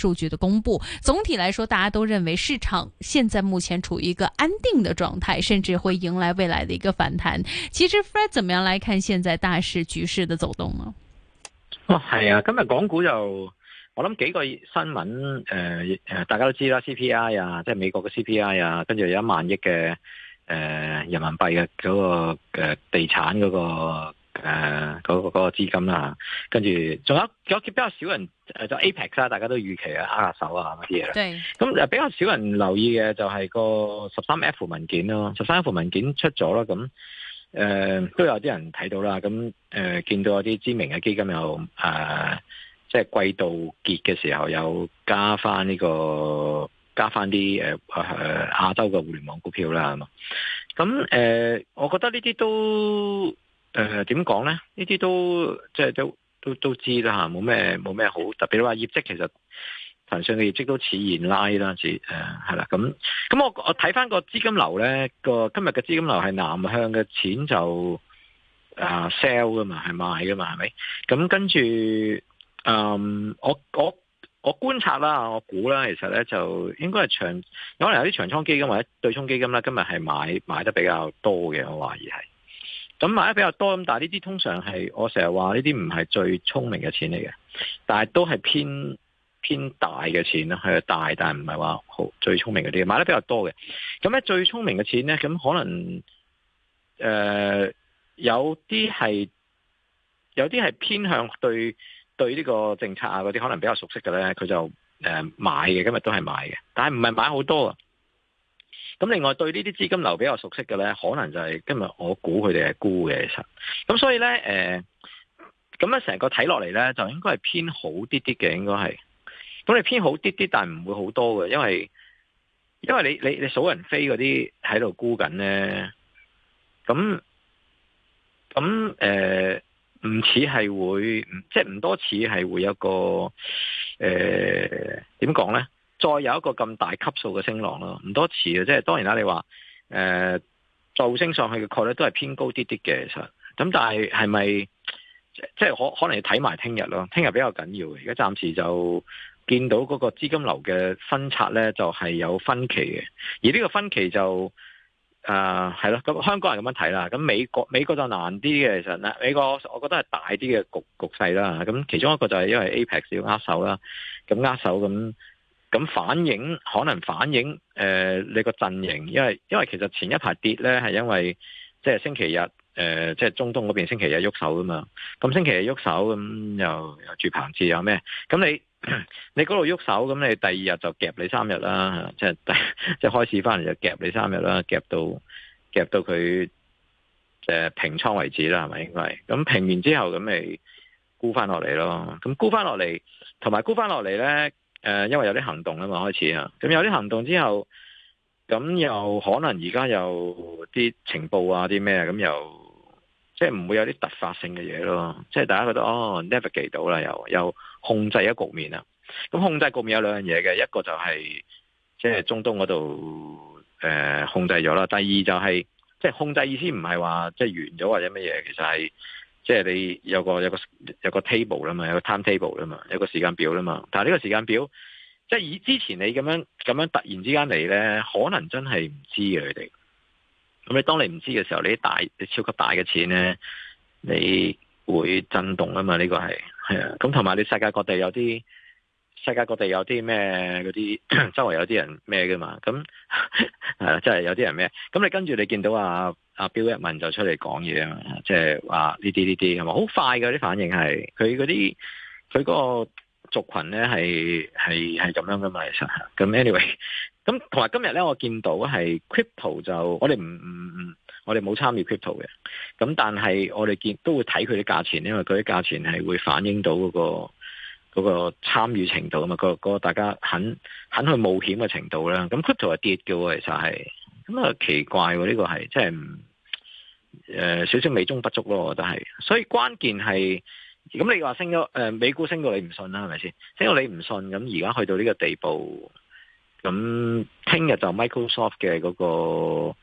數據的公布，總體來說，大家都認為市場現在目前處於一個安定的狀態，甚至會迎來未來的一個反彈。其實 Fred，怎麼樣來看現在大市局勢的走動呢？哦，係啊，今日港股又，我諗幾個新聞，誒、呃、誒、呃，大家都知啦，CPI 啊，即係美國嘅 CPI 啊，跟住有一萬億嘅誒、呃、人民幣嘅嗰、那個誒、呃、地產嗰、那個。誒，嗰、呃那個資、那個資金啦、啊，跟住仲有有比較少人誒，就 APEC 啦，pex, 大家都預期啊，握下手啊，嗰啲嘢啦。咁誒對比較少人留意嘅就係個十三 F 文件咯，十、啊、三 F 文件出咗啦，咁、啊、誒都有啲人睇到啦，咁、啊、誒、啊、見到有啲知名嘅基金又誒，即、啊、係、就是、季度結嘅時候有加翻呢、這個加翻啲誒誒亞洲嘅互聯網股票啦，咁、啊、誒、啊啊，我覺得呢啲都。誒，點講咧？呢啲都即係都都都知啦吓，冇咩冇咩好特別，話業績，其實騰訊嘅業績都自然拉啦，是誒係啦。咁咁我我睇翻個資金流咧，個今日嘅資金流係南向嘅錢就啊 sell 噶嘛，係賣噶嘛，係咪？咁跟住，嗯，我我我觀察啦，我估啦，其實咧就應該係長，有可能有啲長倉基金或者對沖基金啦，今日係買買得比較多嘅，我懷疑係。咁買得比較多，咁但係呢啲通常係我成日話呢啲唔係最聰明嘅錢嚟嘅，但係都係偏偏大嘅錢啦，係大，但係唔係話好最聰明嗰啲，買得比較多嘅。咁咧最聰明嘅錢咧，咁可能誒、呃、有啲係有啲係偏向對對呢個政策啊嗰啲可能比較熟悉嘅咧，佢就誒、呃、買嘅，今日都係買嘅，但係唔係買好多啊。咁另外對呢啲資金流比較熟悉嘅咧，可能就係今日我估佢哋係沽嘅，其實咁所以咧，誒咁樣成個睇落嚟咧，就應該係偏好啲啲嘅，應該係。咁你偏好啲啲，但係唔會好多嘅，因為因為你你你數人飛嗰啲喺度沽緊咧，咁咁誒，唔似係會，即係唔多似係會有個誒點講咧？呃再有一個咁大級數嘅升浪咯，唔多次嘅、呃，即係當然啦。你話誒，造升上去嘅概率都係偏高啲啲嘅，其實。咁但係係咪即係可可能要睇埋聽日咯？聽日比較緊要嘅。而家暫時就見到嗰個資金流嘅分拆咧，就係有分歧嘅。而呢個分歧就誒係咯，咁、呃、香港人咁樣睇啦。咁美國美國就難啲嘅，其實啦。美國我覺得係大啲嘅局局勢啦。咁其中一個就係因為 APEC 要握手啦，咁握手咁。咁反映可能反映，誒、呃，你個陣營，因為因為其實前一排跌咧，係因為即係星期日，誒、呃，即係中東嗰邊星期日喐手噶嘛，咁星期日喐手，咁、嗯、又又住棚次，又咩？咁你你嗰度喐手，咁你第二日就夾你三日啦，即係即係開始翻嚟就夾你三日啦，夾到夾到佢誒、呃、平倉為止啦，係咪？應該係咁平完之後，咁咪沽翻落嚟咯，咁沽翻落嚟，同埋沽翻落嚟咧。誒、呃，因為有啲行動啊嘛，開始啊，咁有啲行動之後，咁又可能而家又啲情報啊，啲咩啊，咁又即係唔會有啲突發性嘅嘢咯，即係大家覺得哦 navigate 到啦，又又控制咗局面啦，咁控制局面有兩樣嘢嘅，一個就係、是、即係中東嗰度誒控制咗啦，第二就係、是、即係控制意思唔係話即係完咗或者乜嘢，其實係。即係你有個有個有個 table 啦嘛，有個 time table 啦嘛，有個時間表啦嘛。但係呢個時間表，即係以之前你咁樣咁樣突然之間嚟呢，可能真係唔知嘅佢哋。咁你當你唔知嘅時候，你啲大、你超級大嘅錢呢，你會震動啊嘛。呢個係係啊。咁同埋你世界各地有啲世界各地有啲咩嗰啲，周圍有啲人咩嘅嘛。咁係啊，真 係、即係、有啲人咩？咁你跟住你見到啊？阿彪一問就出嚟講嘢啊嘛，即係話呢啲呢啲係嘛，好快嘅啲反應係佢嗰啲佢嗰個族群咧係係係咁樣噶嘛，其實咁 anyway，咁同埋今日咧我見到係 crypto 就我哋唔唔唔，我哋冇參與 crypto 嘅，咁但係我哋見都會睇佢啲價錢，因為佢啲價錢係會反映到嗰個嗰個參與程度啊嘛，個個大家肯肯去冒險嘅程度啦。咁 crypto 係跌嘅喎，其實係咁啊奇怪喎，呢個係真係唔～誒、呃，少少美中不足咯，我都係，所以關鍵係，咁你話升咗，誒、呃，美股升到你唔信啦，係咪先？升到你唔信，咁而家去到呢個地步，咁聽日就 Microsoft 嘅嗰個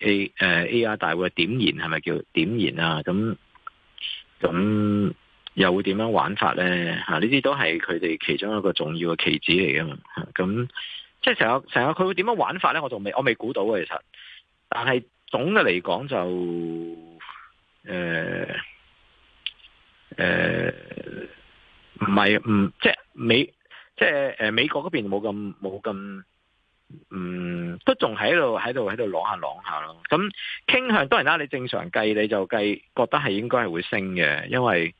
A 誒、呃、AI 大會點燃係咪叫點燃啦、啊？咁咁又會點樣玩法咧？吓、啊，呢啲都係佢哋其中一個重要嘅棋子嚟噶嘛。咁、啊、即係成日成日佢會點樣玩法咧？我仲未我未估到嘅其實，但係。總嘅嚟講就，誒、呃，誒、呃，唔係，唔、嗯、即係美，即係誒美國嗰邊冇咁冇咁，嗯，都仲喺度喺度喺度攞下攞下咯。咁傾向當然啦，你正常計你就計，覺得係應該係會升嘅，因為誒、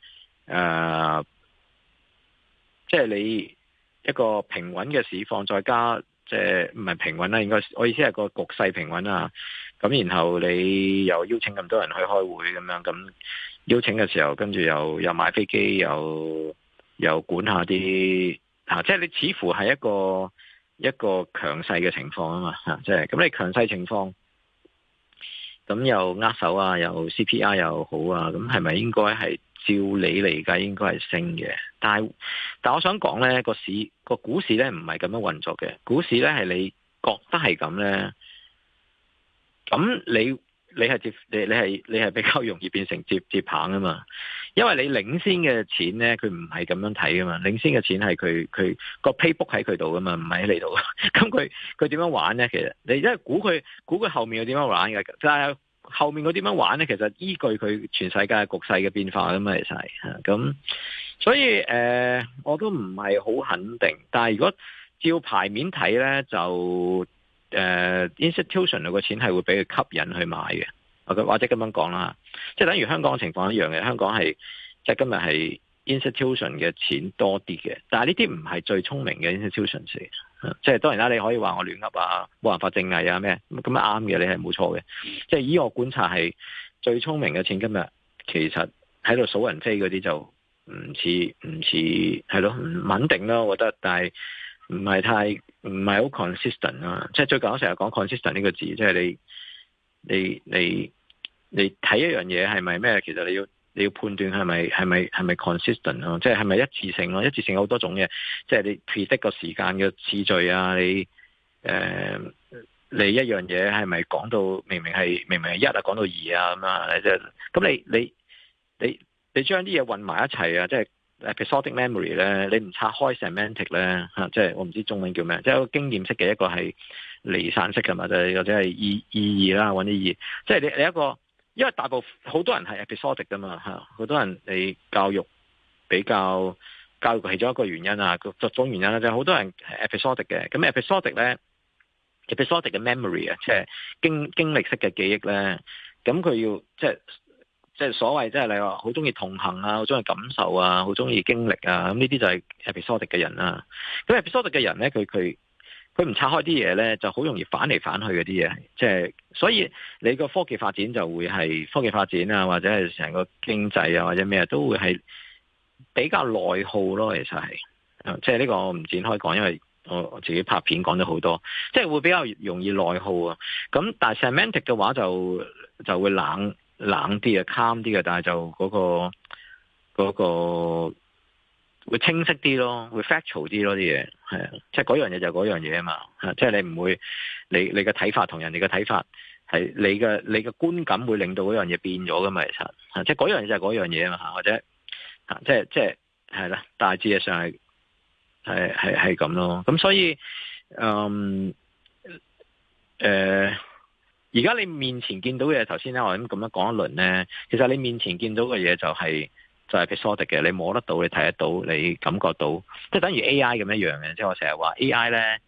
呃，即係你一個平穩嘅市況，再加即係唔係平穩啦，應該我意思係個局勢平穩啦。咁然後你又邀請咁多人去開會咁樣，咁邀請嘅時候，跟住又又買飛機，又又管下啲，啊，即係你似乎係一個一個強勢嘅情況啊嘛，吓、啊，即係，咁你強勢情況，咁又握手啊，又 CPR 又好啊，咁係咪應該係照你嚟計應該係升嘅？但係但我想講咧，個市個股市咧唔係咁樣運作嘅，股市咧係你覺得係咁咧。咁你你係接你你係你係比較容易變成接接棒啊嘛，因為你領先嘅錢咧，佢唔係咁樣睇噶嘛，領先嘅錢係佢佢個 paybook 喺佢度噶嘛，唔係喺你度。咁佢佢點樣玩咧？其實你即係估佢估佢後面又點樣玩嘅？但係後面佢點樣玩咧？其實依據佢全世界局勢嘅變化啊嘛，其實係咁。所以誒、呃，我都唔係好肯定。但係如果照牌面睇咧，就。誒、uh, institution 度嘅錢係會俾佢吸引去買嘅，或者或者咁樣講啦，即係等於香港情況一樣嘅。香港係即係今日係 institution 嘅錢多啲嘅，但係呢啲唔係最聰明嘅 institution 市，即係當然啦。你可以話我亂噏啊，冇辦法證偽啊咩咁咁啱嘅，你係冇錯嘅。即係依我觀察係最聰明嘅錢，今日其實喺度數人飛嗰啲就唔似唔似係咯，唔穩定咯，我覺得，但係。唔係太唔係好 consistent 啊！即係最近我成日講 consistent 呢個字，即係你你你你睇一樣嘢係咪咩？其實你要你要判斷係咪係咪係咪 consistent 啊，即係係咪一次性咯？一次性有好多種嘅，即係你 predict 個時間嘅次序啊！你誒你一樣嘢係咪講到明明係明明係一啊，講到二啊咁啊？即係咁你你你你將啲嘢混埋一齊啊！即係。Episodic memory 咧，你唔拆開 semantic 咧嚇，即係我唔知中文叫咩，即係一個經驗式嘅一個係離散式嘅嘛，就或者係意意義啦，搵啲意義，即係你你一個，因為大部分好多人係 episodic 嘅嘛嚇，好多人你教育比較教育其中一個原因啊，各種原因啦，就好多人係 episodic 嘅，咁 episodic 咧，episodic 嘅 memory 啊，嗯、memory, 即係經經歷式嘅記憶咧，咁佢要即係。即係所謂，即係你話好中意同行啊，好中意感受啊，好中意經歷啊，咁呢啲就係 episodic 嘅人啦。咁 episodic 嘅人咧，佢佢佢唔拆開啲嘢咧，就好容易反嚟反去嗰啲嘢。即係所以你個科技發展就會係科技發展啊，或者係成個經濟啊，或者咩啊，都會係比較內耗咯。其實係，即係呢個我唔展開講，因為我自己拍片講咗好多，即係會比較容易內耗啊。咁但係 semantic 嘅話就就會冷。冷啲嘅，calm 啲嘅，但係就嗰個嗰個會清晰啲咯，會 factual 啲咯啲嘢，係啊，即係嗰樣嘢就嗰樣嘢啊嘛，吓，即係你唔會你你嘅睇法同人哋嘅睇法係你嘅你嘅觀感會令到嗰樣嘢變咗噶嘛，其實吓，即係嗰樣就係嗰樣嘢啊嘛，或者吓，即係即係係啦，大致上係係係係咁咯，咁所以嗯誒。呃而家你面前見到嘅嘢，頭先咧我咁咁樣講一輪咧，其實你面前見到嘅嘢就係就係 episodic 嘅，你摸得到，你睇得到，你感覺到，即係等於 AI 咁一樣嘅。即係我成日話 AI 咧，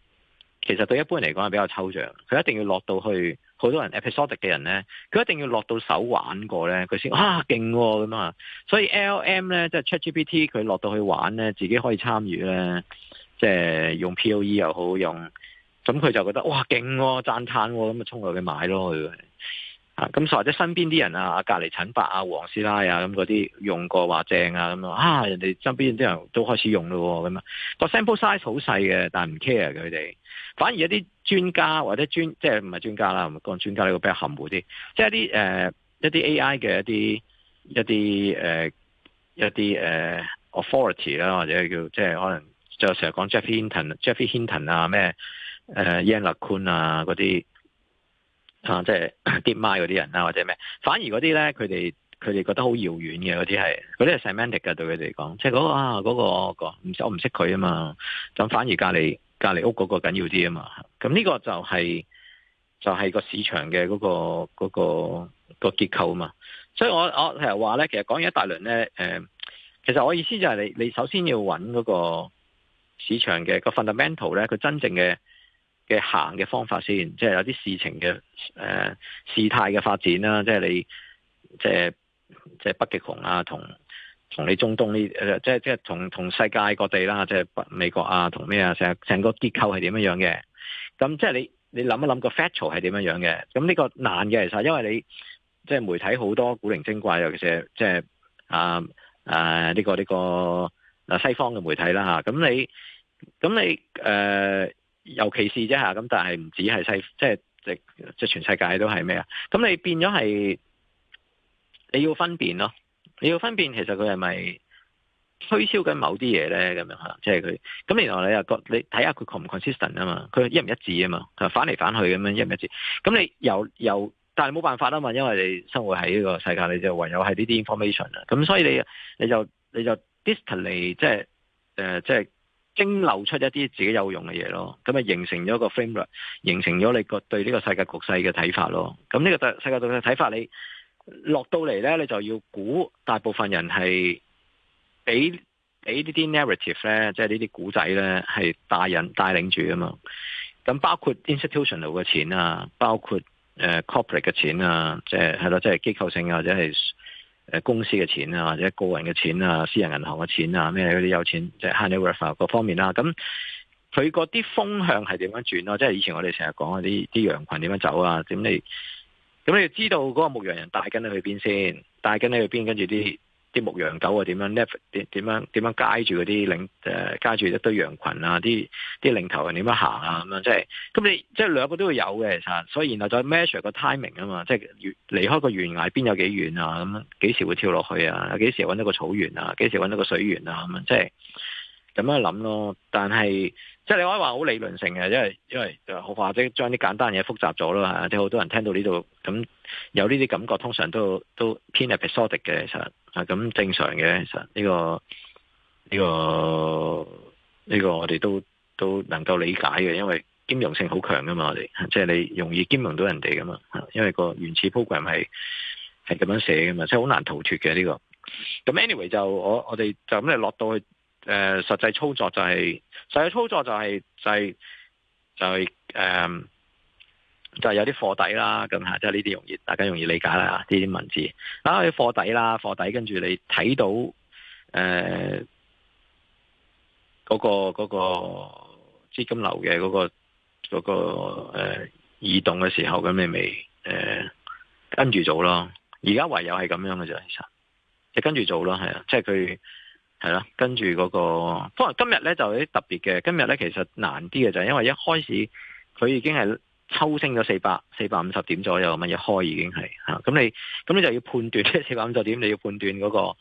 其實對一般人嚟講係比較抽象，佢一定要落到去好多人 episodic 嘅人咧，佢一定要落到手玩過咧，佢先啊勁咁啊。所以 LM 咧即係 ChatGPT，佢落到去玩咧，自己可以參與咧，即係用 POE 又好用。咁佢就覺得哇勁喎、哦，讚歎喎、哦，咁啊衝落去去買咯，啊咁或者身邊啲人啊，隔離陳伯斯拉啊、黃師奶啊，咁嗰啲用過話正啊，咁啊，啊人哋身邊啲人都開始用咯，咁啊、個 sample size 好細嘅，但唔 care 佢哋，反而一啲專家或者專即係唔係專家啦，唔係講專家呢個比較含糊啲，即係啲誒一啲、呃、AI 嘅一啲一啲誒、呃、一啲、呃、authority 啦，或者叫即係可能就成日講 Jeff Hinton、啊、Jeff Hinton 啊咩？誒，英立寬啊，嗰啲啊，即係跌孖嗰啲人啊，或者咩？反而嗰啲咧，佢哋佢哋覺得好遙遠嘅嗰啲係，嗰啲係 semantic 嘅，對佢哋嚟講，即係嗰、那個啊，嗰、那個個唔識我唔識佢啊嘛。咁反而隔籬隔籬屋嗰個緊要啲啊嘛。咁呢個就係、是、就係、是、個市場嘅嗰、那個嗰、那個、那個結構啊嘛。所以我我成日話咧，其實講完一大輪咧，誒、呃，其實我意思就係你你首先要揾嗰個市場嘅、那個 fundamental 咧，佢真正嘅。嘅行嘅方法先，即係有啲事情嘅誒、呃、事態嘅發展啦，即係你即係即係北極熊啊，同同你中東呢、呃、即係即係同同世界各地啦，即係美國啊，同咩啊，成成個結構係點樣嘅？咁即係你你諗一諗個 factual 係點樣嘅？咁呢個難嘅其實，因為你即係媒體好多古靈精怪，尤其是即係啊啊呢個呢個西方嘅媒體啦吓，咁你咁你誒。呃尤其是啫嚇，咁但係唔止係世，即係即即全世界都係咩啊？咁你變咗係你要分辨咯，你要分辨，要分辨其實佢係咪推銷緊某啲嘢咧？咁樣吓，即係佢咁。然後你又覺你睇下佢唔 consistent 啊嘛，佢一唔一致啊嘛，佢反嚟反去咁樣一唔一致。咁你又又，但係冇辦法啊嘛，因為你生活喺呢個世界，你就唯有係呢啲 information 啊。咁所以你就你就你就 distally 即係誒、呃、即係。蒸流出一啲自己有用嘅嘢咯，咁咪形成咗個 framework，形成咗你個對呢個世界局勢嘅睇法咯。咁呢個世界局勢睇法你，你落到嚟呢，你就要估大部分人係俾俾呢啲 narrative 呢，即係呢啲古仔呢，係帶人帶領住啊嘛。咁包括 institutional 嘅錢啊，包括誒 corporate 嘅錢啊，即係係咯，即係、就是、機構性啊，或者係。誒，公司嘅錢啊，或者個人嘅錢啊，私人銀行嘅錢啊，咩嗰啲有錢，即係 headline refer 各方面啦、啊。咁佢嗰啲風向係點樣轉咯、啊？即係以前我哋成日講嗰啲啲羊群點樣走啊？點你，咁你知道嗰個牧羊人帶緊你去邊先，帶緊你去邊，跟住啲。啲牧羊狗啊，點樣 l f 點點樣點樣住嗰啲領誒、呃、住一堆羊群啊，啲啲領頭人點、啊、樣行啊咁樣，即係咁你即係、就是、兩個都會有嘅其實所以然後再 measure 個 timing 啊嘛，即係離離開個懸崖邊有幾遠啊咁，幾時會跳落去啊？幾時搵到個草原啊？幾時搵到個水源啊？咁樣即係咁樣諗咯，但係。即係你可以話好理論性嘅，因為因為或者將啲簡單嘢複雜咗咯吓，即係好多人聽到呢度咁有呢啲感覺，通常都都偏係 episodic 嘅，其實吓咁正常嘅，其實呢個呢個呢個我哋都都能夠理解嘅，因為兼容性好強噶嘛，我哋即係你容易兼容到人哋噶嘛，因為個原始 program 係係咁樣寫噶嘛，即係好難逃脫嘅呢個。咁、so、anyway 就我我哋就咁嚟落到去。誒、呃，實際操作就係、是、實際操作就係就係就係誒，就係、是就是呃就是，有啲貨底啦，咁吓即係呢啲容易，大家容易理解啦，吓，呢啲文字啊啲貨底啦，貨底跟住你睇到誒嗰、呃那個嗰、那個資金流嘅嗰、那個嗰、那個誒、呃、移動嘅時候就就，咁你咪誒跟住做咯，而家唯有係咁樣嘅啫，其實你跟住做咯，係啊，即係佢。係啦，跟住嗰個，不過今日咧就有啲特別嘅。今日咧其實難啲嘅就係因為一開始佢已經係抽升咗四百四百五十點左右，咁樣一開已經係吓。咁你咁你就要判斷四百五十點，你要判斷嗰個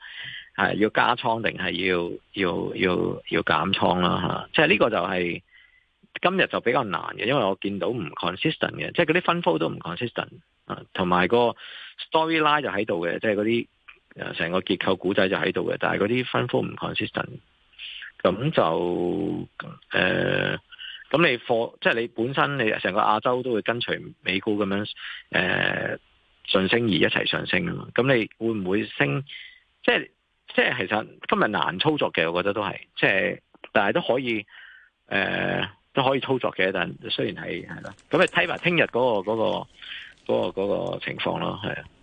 係要加倉定係要要要要減倉啦吓。即係呢個就係今日就比較難嘅，因為我見到唔 consistent 嘅，即係嗰啲分幅都唔 consistent 啊，同埋個 story line 就喺度嘅，即係嗰啲。成個結構股仔就喺度嘅，但係嗰啲分科唔 consistent，咁就誒，咁、呃、你貨即係你本身你成個亞洲都會跟隨美股咁樣誒上、呃、升而一齊上升噶嘛？咁你會唔會升？即係即係其實今日難操作嘅，我覺得都係即係，但係都可以誒、呃、都可以操作嘅，但雖然係係啦，咁你睇埋聽日嗰個嗰、嗰個嗰、嗰個、嗰個嗰個情況咯，係啊。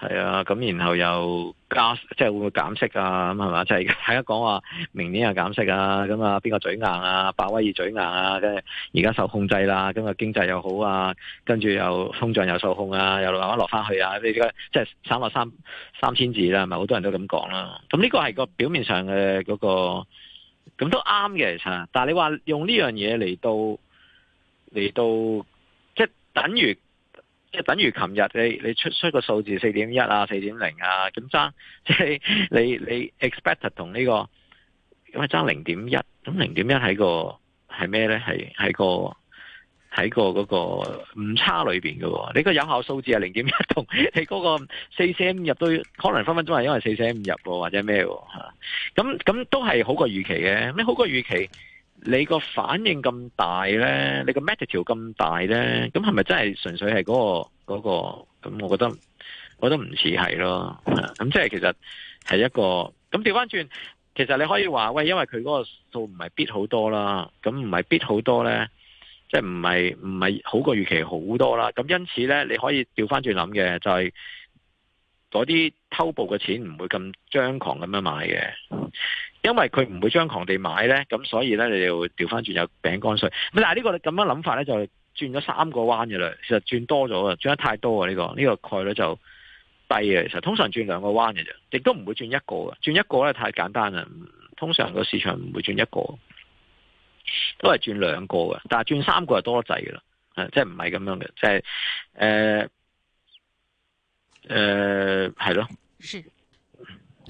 係啊，咁然後又加，即係會唔會減息啊？咁係嘛，即係大家講話明年又減息啊，咁啊邊個嘴硬啊？鮑威爾嘴硬啊，跟住而家受控制啦，咁啊經濟又好啊，跟住又通脹又受控啊，又慢慢落翻去啊，呢啲即係三百三三千字啦，係咪？好多人都咁講啦，咁呢個係個表面上嘅嗰個，咁都啱嘅其實。但係你話用呢樣嘢嚟到嚟到，即係等於。即係等於琴日你你出你出個數字四點一啊，四點零啊咁爭，即係你你，你 expect 同呢個，咁為爭零點一，咁零點一喺個係咩咧？係喺個喺個嗰個誤差裏邊嘅。你個有效數字係零點一，同你嗰個四捨五入都可能分分鐘係因為四捨五入喎，或者咩喎，咁咁都係好過預期嘅，咩好過預期？你個反應咁大呢，你個 method 咁大呢，咁係咪真係純粹係嗰個嗰個？咁、嗰個、我覺得我覺得唔似係咯。咁即係其實係一個咁調翻轉。其實你可以話喂，因為佢嗰個數唔係 beat 好多啦，咁唔係 beat 好多呢，即係唔係唔係好過預期好多啦。咁因此呢，你可以調翻轉諗嘅就係、是。嗰啲偷步嘅錢唔會咁張狂咁樣買嘅，因為佢唔會張狂地買呢。咁所以呢，你就調翻轉有餅乾稅。咁但呢、呢個咁樣諗法呢，就轉咗三個彎嘅嘞，其實轉多咗啊，轉得太多啊呢、呢個呢、呢個概率就低啊。其實通常轉兩個彎嘅啫，亦都唔會轉一個嘅。轉一個呢，太簡單啦，通常個市場唔會轉一個，都係轉兩個嘅。但係轉三個係多得滯嘅啦，即係唔係咁樣嘅，即、呃誒，係咯，是。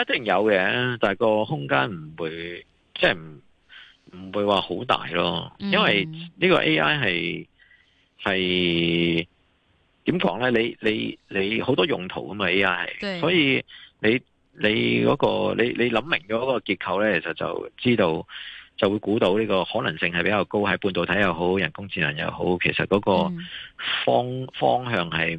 一定有嘅，但係個空間唔會，即係唔唔會話好大咯。因為個 AI、嗯、呢個 A I 係係點講咧？你你你好多用途咁嘛 A I，對所以你你嗰、嗰個、嗯、你你諗明咗嗰個結構咧，其實就知道就會估到呢個可能性係比較高。喺半導體又好，人工智能又好，其實嗰個方、嗯、方向係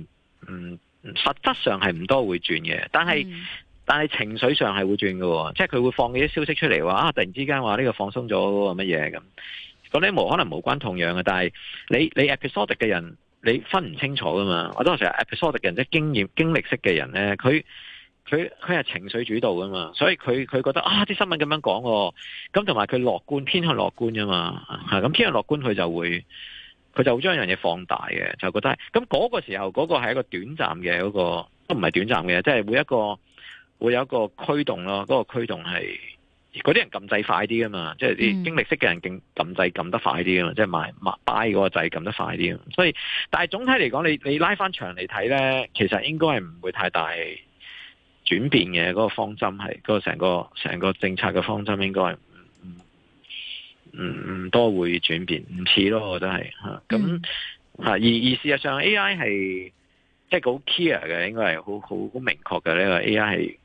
唔實質上係唔多會轉嘅，但係。嗯但係情緒上係會轉嘅，即係佢會放呢啲消息出嚟話啊，突然之間話呢個放鬆咗乜嘢咁。咁呢無可能無關痛癢嘅，但係你你 episodic 嘅人，你分唔清楚噶嘛？好多時 episodic 嘅人即係經驗經歷式嘅人咧，佢佢佢係情緒主導噶嘛，所以佢佢覺得啊，啲新聞咁樣講，啊，咁同埋佢樂觀偏向樂觀啫嘛，咁偏向樂觀佢就會佢就會將一樣嘢放大嘅，就覺得咁嗰個時候嗰個係一個短暫嘅嗰個，都唔係短暫嘅，即係每一個。會有一個驅動咯，嗰個驅動係嗰啲人撳掣快啲啊嘛，即係啲經歷式嘅人勁撳掣撳得快啲啊嘛，即係買買 buy 嗰個掣撳得快啲啊，所以但係總體嚟講，你你拉翻長嚟睇咧，其實應該係唔會太大轉變嘅，嗰個方針係，嗰個成個成個政策嘅方針應該係唔唔多會轉變，唔似咯，真係吓，咁吓、嗯、而而事實上 A I 係即係好 clear 嘅，應該係好好好明確嘅呢個 A I 係。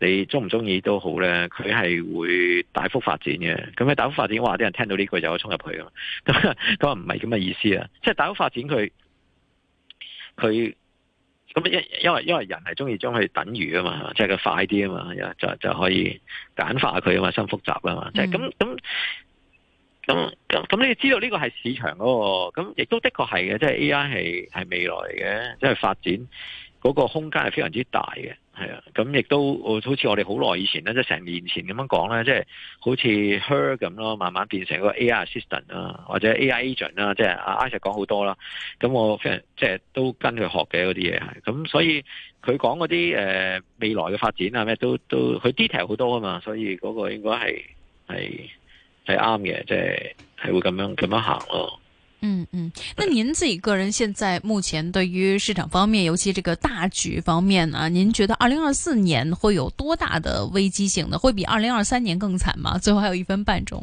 你中唔中意都好咧，佢係會大幅發展嘅。咁佢大幅發展話，話啲人聽到呢句就可以衝去衝入去噶嘛。咁佢話唔係咁嘅意思啊。即係大幅發展佢，佢咁因因為因為人係中意將佢等於啊嘛，即係佢快啲啊嘛，又就，就可以簡化佢啊嘛，新複雜啦嘛。即係咁咁咁咁咁，咁你知道呢個係市場嗰個，咁亦都的確係嘅。即係 A. I. 係係未來嘅，即係發展。嗰個空間係非常之大嘅，係啊，咁亦都好似我哋好耐以前咧，即係成年前咁樣講啦，即、就、係、是、好似 Her 咁咯，慢慢變成個 AI assistant 啦，或者 AI agent 啦、啊，即係阿 i 石講好多啦。咁我非常即係、就是、都跟佢學嘅嗰啲嘢，咁、啊、所以佢講嗰啲誒未來嘅發展啊咩都都，佢 detail 好多啊嘛，所以嗰個應該係係啱嘅，即係係會咁樣咁樣行咯。嗯嗯，那您自己個人現在目前對於市場方面，尤其這個大局方面啊，您覺得二零二四年會有多大的危機性呢？會比二零二三年更慘嗎？最後還有一分半鐘。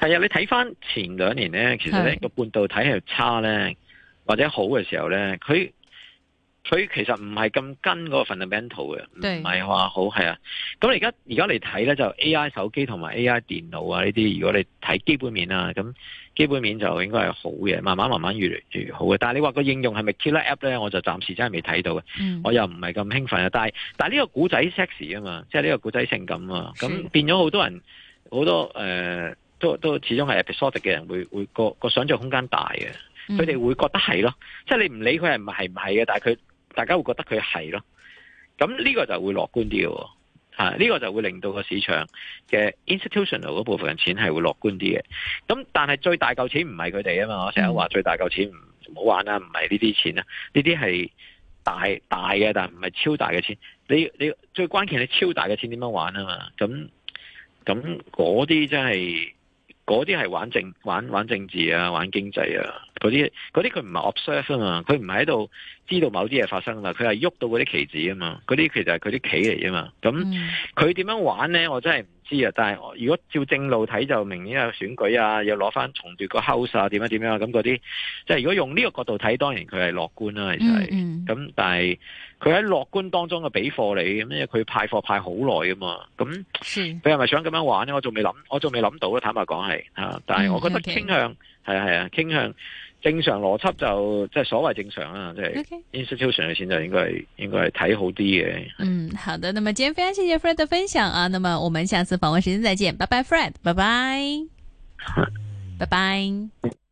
係啊，你睇翻前兩年呢，其實呢個的半導體係差呢，或者好嘅時候呢，佢佢其實唔係咁跟嗰個 fundamental 嘅，唔係話好係啊。咁而家而家嚟睇呢，就 A I 手機同埋 A I 電腦啊呢啲，如果你睇基本面啊咁。基本面就應該係好嘅，慢慢慢慢越嚟越好嘅。但係你話個應用係咪 killer app 咧，我就暫時真係未睇到嘅。嗯、我又唔係咁興奮啊！但係但係呢個古仔 sexy 啊嘛，即係呢個古仔性感啊嘛，咁變咗好多人好多誒、呃，都都始終係 episodic 嘅人會會，會個個想象空間大嘅，佢哋、嗯、會覺得係咯，即係你唔理佢係唔係唔係嘅，但係佢大家會覺得佢係咯，咁呢個就會樂觀啲嘅。啊！呢、這個就會令到個市場嘅 institutional 嗰部分嘅錢係會樂觀啲嘅。咁但係最大嚿錢唔係佢哋啊嘛，我成日話最大嚿錢唔好玩啊，唔係呢啲錢啊，呢啲係大大嘅，但係唔係超大嘅錢。你你最關鍵你超大嘅錢點樣玩啊嘛？咁咁嗰啲真係。嗰啲係玩政玩玩政治啊，玩經濟啊，嗰啲嗰啲佢唔係 observe 啊嘛，佢唔係喺度知道某啲嘢發生啦，佢係喐到嗰啲棋子啊嘛，嗰啲其實係佢啲棋嚟啊嘛，咁佢點樣玩咧？我真係～知啊！但係如果照正路睇，就明顯有選舉啊，要攞翻重奪個 house 啊，點樣點樣啊咁嗰啲。即係、就是、如果用呢個角度睇，當然佢係樂觀啦、啊，其實。嗯。咁、嗯，但係佢喺樂觀當中嘅俾貨你，咁因為佢派貨派好耐㗎嘛。咁，佢係咪想咁樣玩咧？我仲未諗，我仲未諗到啊！坦白講係、啊、但係我覺得傾向係啊係啊傾向。嗯 okay 正常邏輯就即係、就是、所謂正常啊，即、就、係、是、institution 嘅錢就應該係 Okay. 應該係睇好啲嘅。嗯，好的，那麼今天非常 f r 謝謝 Fred 嘅分享啊，那麼我們下次訪問時間再見，拜拜，Fred，拜拜，拜拜。